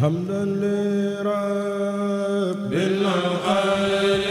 حمدا لرب الخلق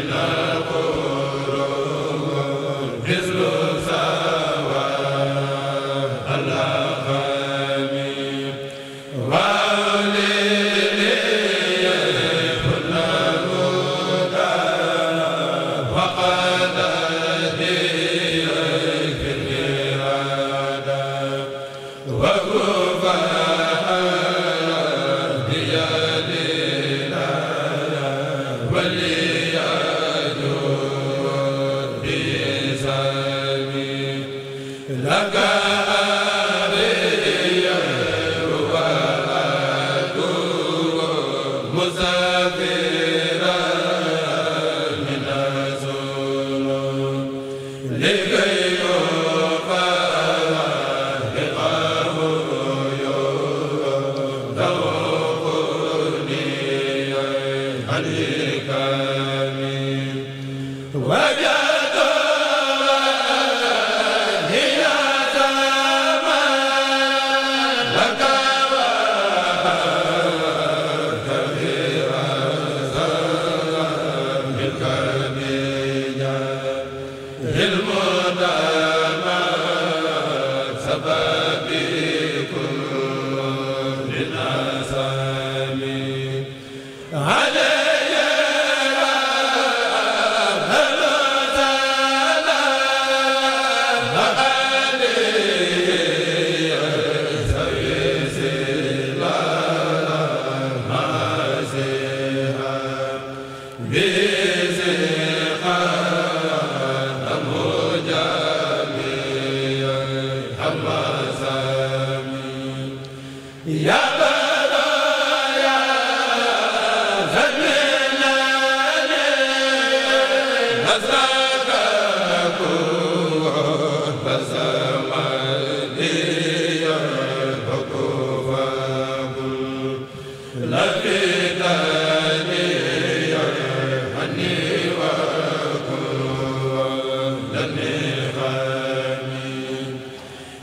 ila léegi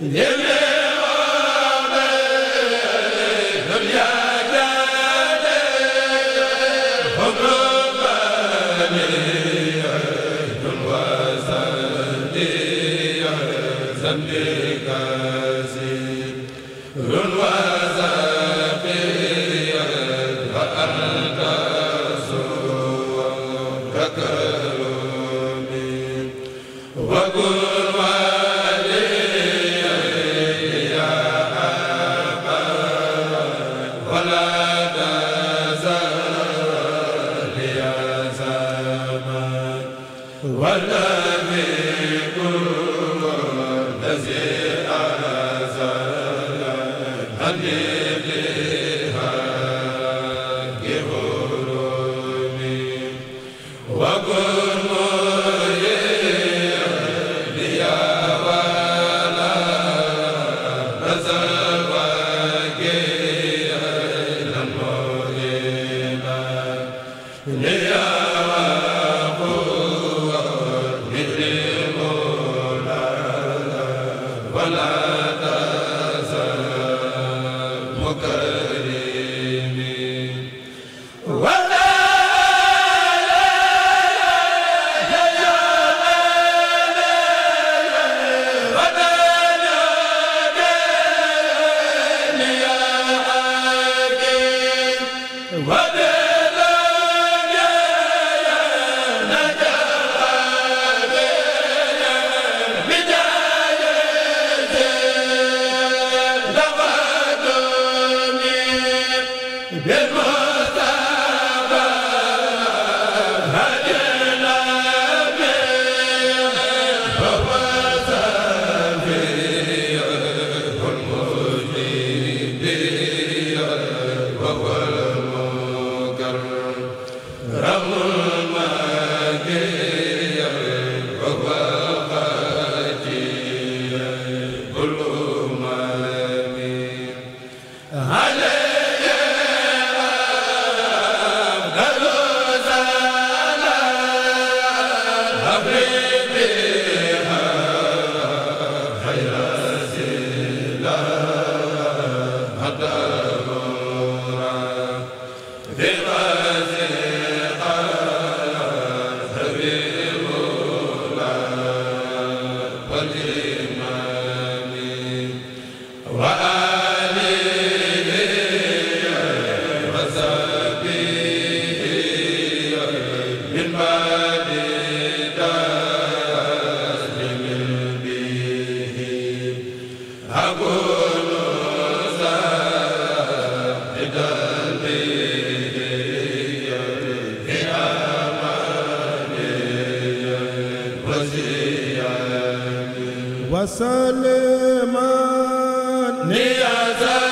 lépp Amen wasalaman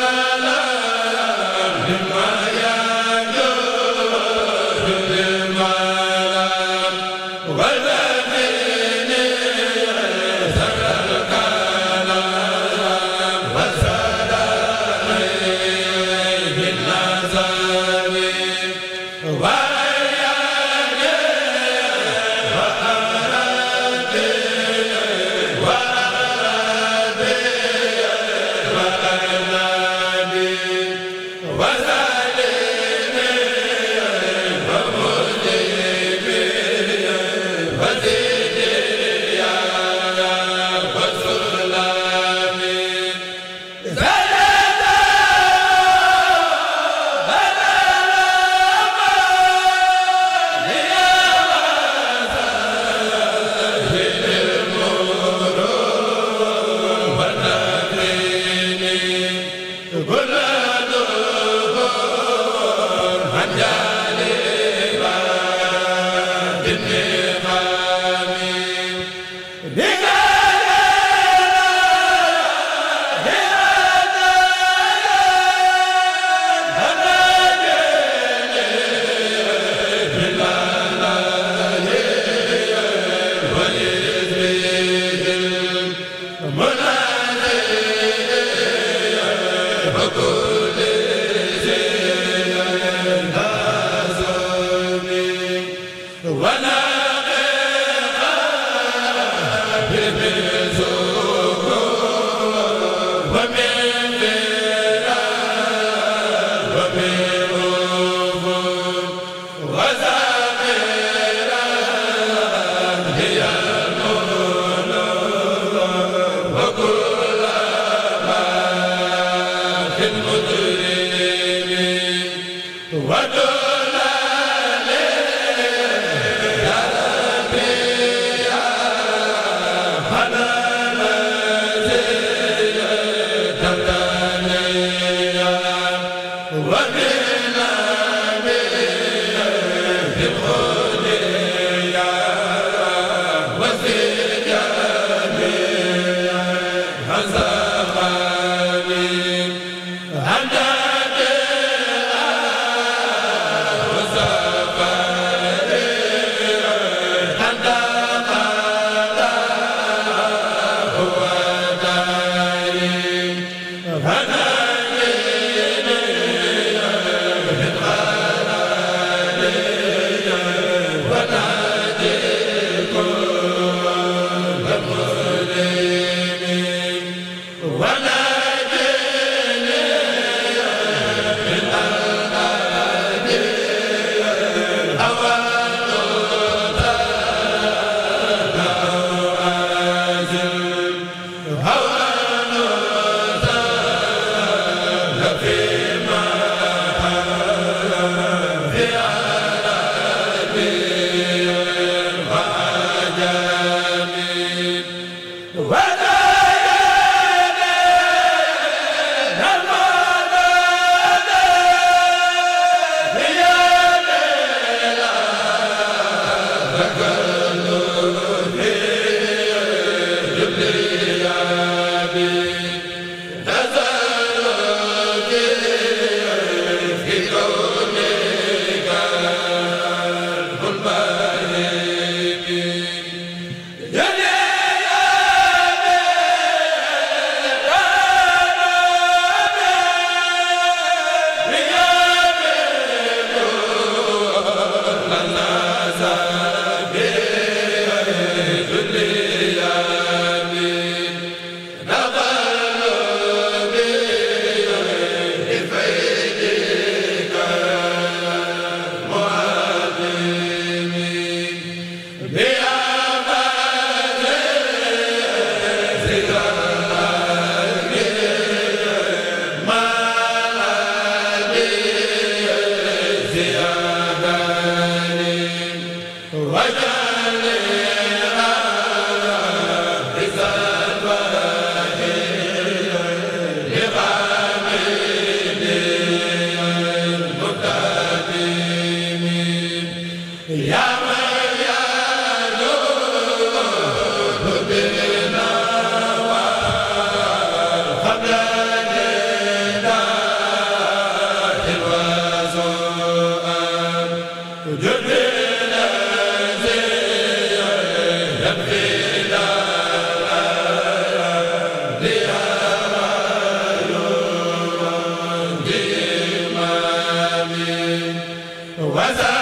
wa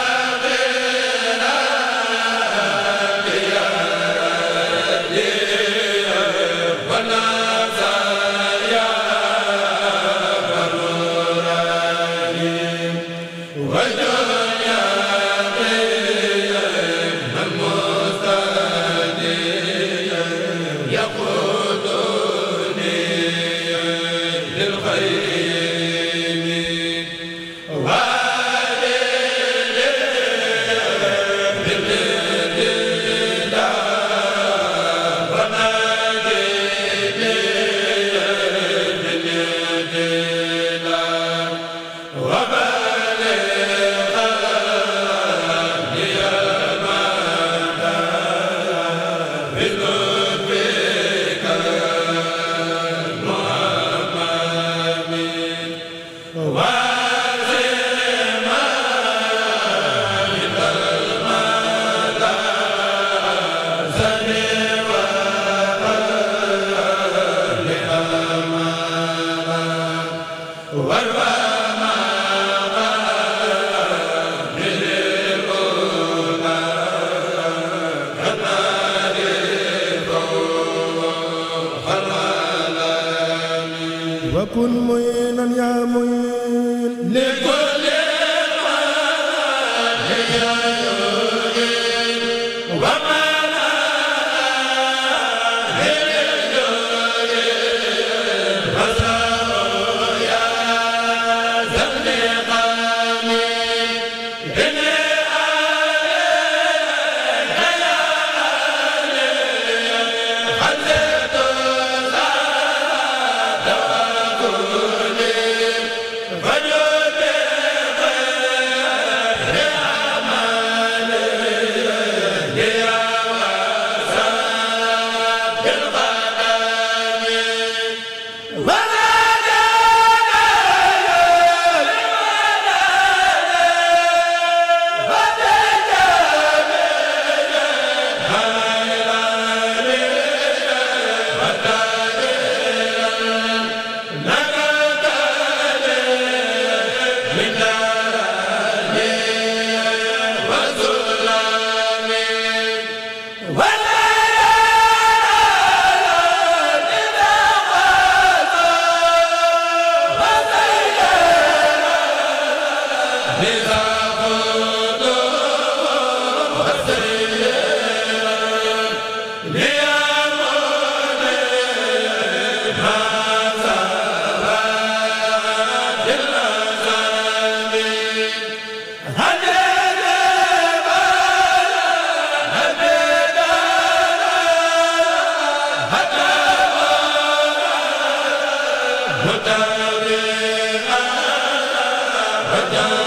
da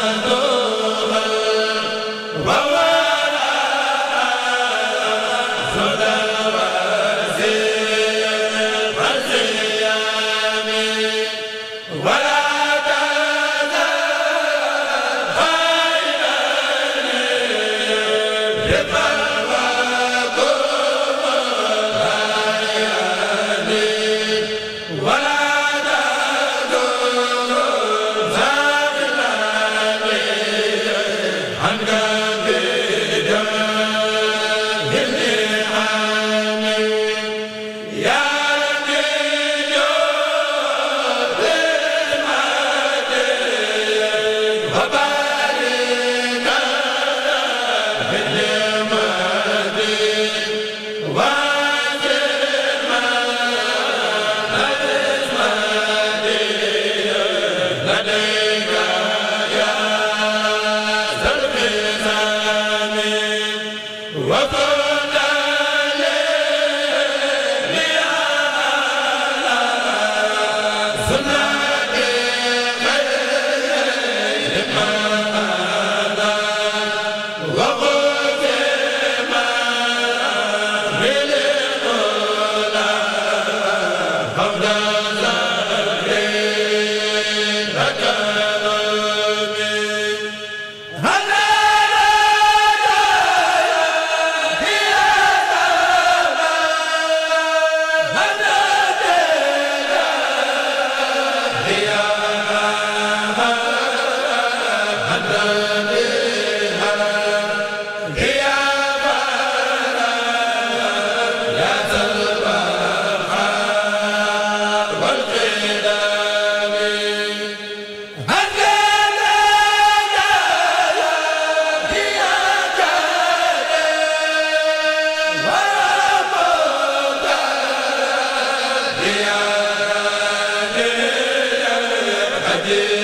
jë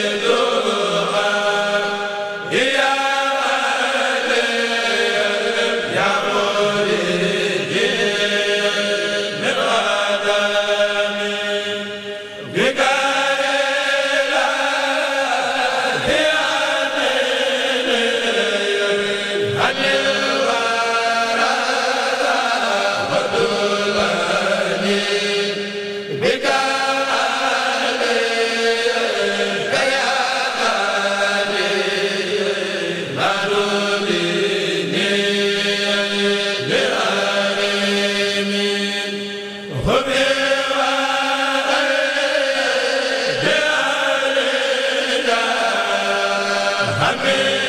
amiin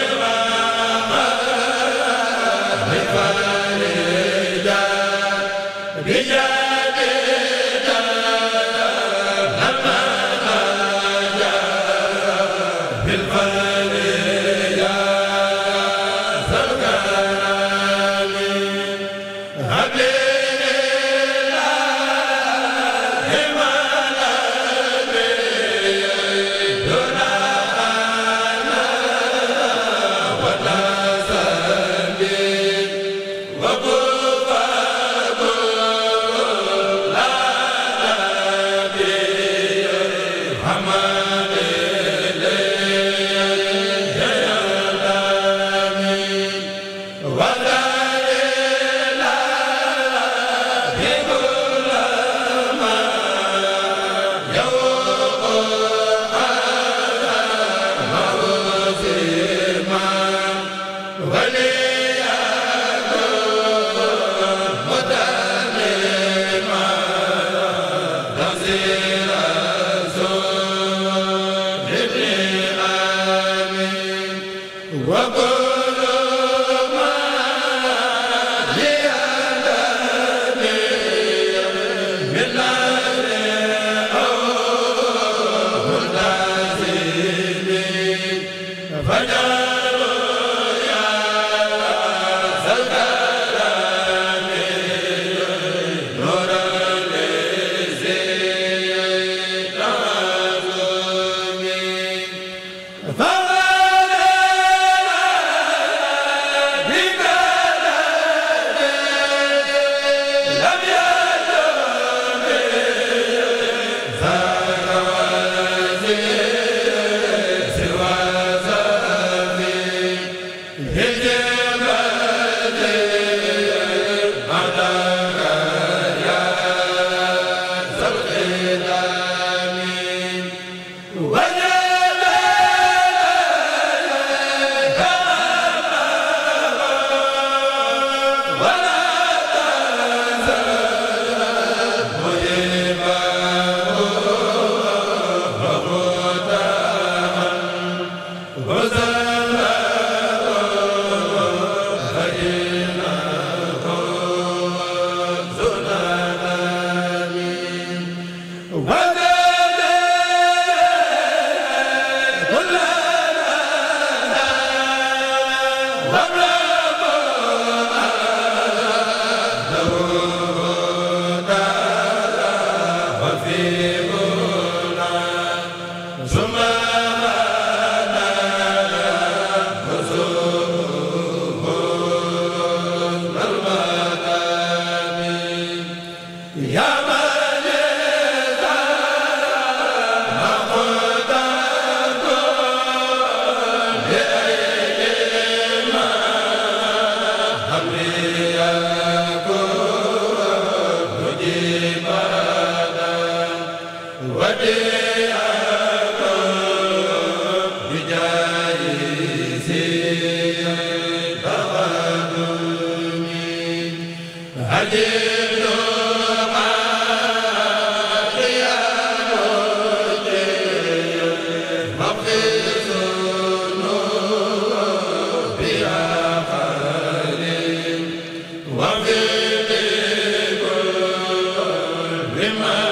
liman